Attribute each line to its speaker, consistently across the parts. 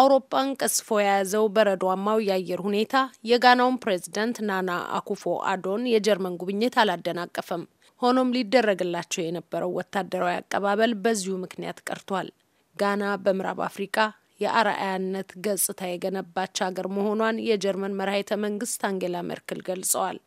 Speaker 1: አውሮፓን ቀስፎ የያዘው በረዷማው የአየር ሁኔታ የጋናውን ፕሬዝዳንት ናና አኩፎ አዶን የጀርመን ጉብኝት አላደናቀፈም። ሆኖም ሊደረግላቸው የነበረው ወታደራዊ አቀባበል በዚሁ ምክንያት ቀርቷል። ጋና በምዕራብ አፍሪካ የአርአያነት ገጽታ የገነባች ሀገር መሆኗን የጀርመን መራሄተ መንግስት አንጌላ ሜርክል ገልጸዋል።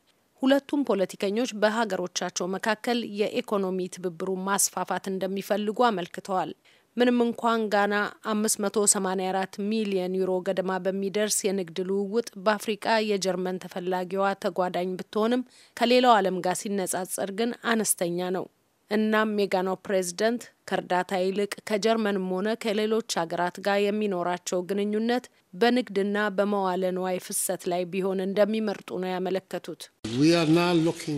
Speaker 1: ሁለቱም ፖለቲከኞች በሀገሮቻቸው መካከል የኢኮኖሚ ትብብሩን ማስፋፋት እንደሚፈልጉ አመልክተዋል። ምንም እንኳን ጋና 584 ሚሊየን ዩሮ ገደማ በሚደርስ የንግድ ልውውጥ በአፍሪቃ የጀርመን ተፈላጊዋ ተጓዳኝ ብትሆንም ከሌላው ዓለም ጋር ሲነጻጸር ግን አነስተኛ ነው። እናም የጋናው ፕሬዚደንት። ከእርዳታ ይልቅ ከጀርመንም ሆነ ከሌሎች ሀገራት ጋር የሚኖራቸው ግንኙነት በንግድና በመዋለ ንዋይ ፍሰት ላይ ቢሆን እንደሚመርጡ ነው ያመለከቱት።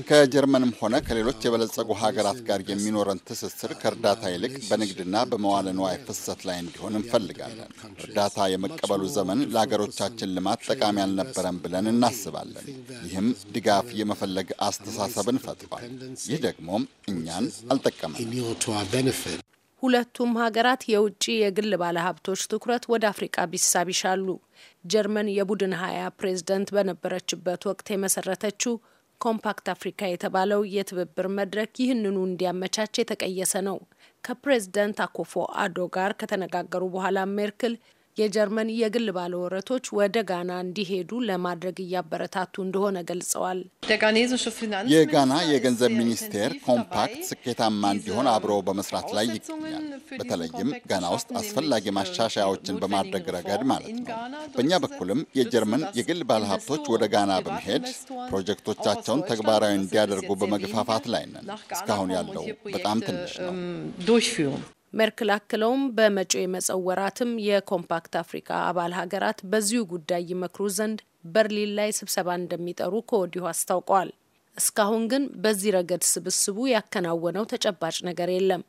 Speaker 2: ከጀርመንም ሆነ ከሌሎች የበለጸጉ ሀገራት ጋር የሚኖረን ትስስር ከእርዳታ ይልቅ በንግድና በመዋለ ንዋይ ፍሰት ላይ እንዲሆን እንፈልጋለን። እርዳታ የመቀበሉ ዘመን ለሀገሮቻችን ልማት ጠቃሚ አልነበረም ብለን እናስባለን። ይህም ድጋፍ የመፈለግ አስተሳሰብን ፈጥሯል። ይህ ደግሞም እኛን አልጠቀመም።
Speaker 1: ሁለቱም ሀገራት የውጭ የግል ባለሀብቶች ትኩረት ወደ አፍሪቃ ቢሳብ ይሻሉ። ጀርመን የቡድን ሀያ ፕሬዝደንት በነበረችበት ወቅት የመሰረተችው ኮምፓክት አፍሪካ የተባለው የትብብር መድረክ ይህንኑ እንዲያመቻች የተቀየሰ ነው። ከፕሬዝደንት አኮፎ አዶ ጋር ከተነጋገሩ በኋላ ሜርክል የጀርመን የግል ባለወረቶች ወደ ጋና እንዲሄዱ ለማድረግ እያበረታቱ እንደሆነ ገልጸዋል። የጋና
Speaker 2: የገንዘብ ሚኒስቴር ኮምፓክት ስኬታማ እንዲሆን አብሮ በመስራት ላይ ይገኛል። በተለይም ጋና ውስጥ አስፈላጊ ማሻሻያዎችን በማድረግ ረገድ ማለት ነው። በእኛ በኩልም የጀርመን የግል ባለሀብቶች ወደ ጋና በመሄድ ፕሮጀክቶቻቸውን ተግባራዊ እንዲያደርጉ በመግፋፋት ላይ ነን። እስካሁን ያለው በጣም ትንሽ
Speaker 1: ነው። ሜርክል አክለውም በመጪው የመጸው ወራትም የኮምፓክት አፍሪካ አባል ሀገራት በዚሁ ጉዳይ ይመክሩ ዘንድ በርሊን ላይ ስብሰባ እንደሚጠሩ ከወዲሁ አስታውቀዋል። እስካሁን ግን በዚህ ረገድ ስብስቡ ያከናወነው ተጨባጭ ነገር የለም።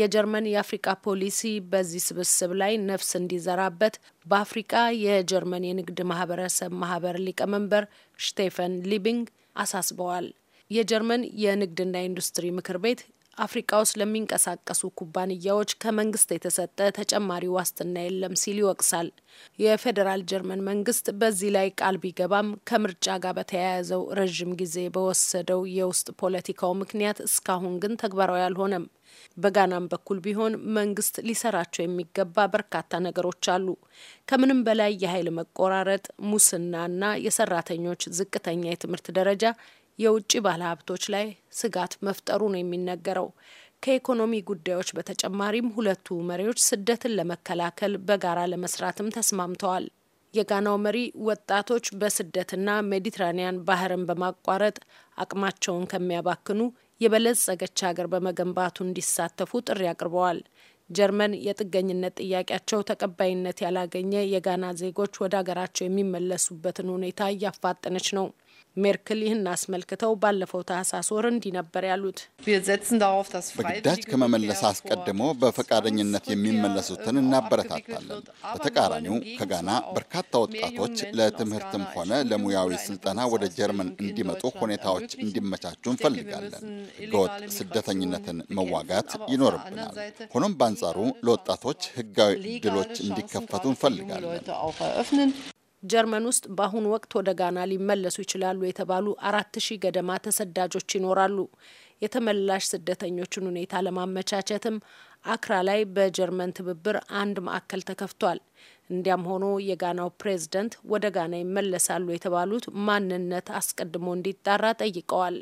Speaker 1: የጀርመን የአፍሪቃ ፖሊሲ በዚህ ስብስብ ላይ ነፍስ እንዲዘራበት በአፍሪቃ የጀርመን የንግድ ማህበረሰብ ማህበር ሊቀመንበር ሽቴፈን ሊቢንግ አሳስበዋል። የጀርመን የንግድና ኢንዱስትሪ ምክር ቤት አፍሪቃ ውስጥ ለሚንቀሳቀሱ ኩባንያዎች ከመንግስት የተሰጠ ተጨማሪ ዋስትና የለም ሲል ይወቅሳል። የፌዴራል ጀርመን መንግስት በዚህ ላይ ቃል ቢገባም ከምርጫ ጋር በተያያዘው ረዥም ጊዜ በወሰደው የውስጥ ፖለቲካው ምክንያት እስካሁን ግን ተግባራዊ አልሆነም። በጋናም በኩል ቢሆን መንግስት ሊሰራቸው የሚገባ በርካታ ነገሮች አሉ። ከምንም በላይ የኃይል መቆራረጥ፣ ሙስናና የሰራተኞች ዝቅተኛ የትምህርት ደረጃ የውጭ ባለሀብቶች ላይ ስጋት መፍጠሩ ነው የሚነገረው። ከኢኮኖሚ ጉዳዮች በተጨማሪም ሁለቱ መሪዎች ስደትን ለመከላከል በጋራ ለመስራትም ተስማምተዋል። የጋናው መሪ ወጣቶች በስደትና ሜዲትራኒያን ባህርን በማቋረጥ አቅማቸውን ከሚያባክኑ የበለጸገች ሀገር በመገንባቱ እንዲሳተፉ ጥሪ አቅርበዋል። ጀርመን የጥገኝነት ጥያቄያቸው ተቀባይነት ያላገኘ የጋና ዜጎች ወደ ሀገራቸው የሚመለሱበትን ሁኔታ እያፋጠነች ነው። ሜርክል ይህን አስመልክተው ባለፈው ታህሳስ ወር እንዲህ ነበር ያሉት። በግዳጅ
Speaker 2: ከመመለስ አስቀድሞ በፈቃደኝነት የሚመለሱትን እናበረታታለን። በተቃራኒው ከጋና በርካታ ወጣቶች ለትምህርትም ሆነ ለሙያዊ ስልጠና ወደ ጀርመን እንዲመጡ ሁኔታዎች እንዲመቻቹ እንፈልጋለን። ህገወጥ ስደተኝነትን መዋጋት ይኖርብናል። ሆኖም በአንጻሩ ለወጣቶች ህጋዊ እድሎች እንዲከፈቱ
Speaker 1: እንፈልጋለን። ጀርመን ውስጥ በአሁኑ ወቅት ወደ ጋና ሊመለሱ ይችላሉ የተባሉ አራት ሺህ ገደማ ተሰዳጆች ይኖራሉ። የተመላሽ ስደተኞችን ሁኔታ ለማመቻቸትም አክራ ላይ በጀርመን ትብብር አንድ ማዕከል ተከፍቷል። እንዲያም ሆኖ የጋናው ፕሬዝደንት ወደ ጋና ይመለሳሉ የተባሉት ማንነት አስቀድሞ እንዲጣራ ጠይቀዋል።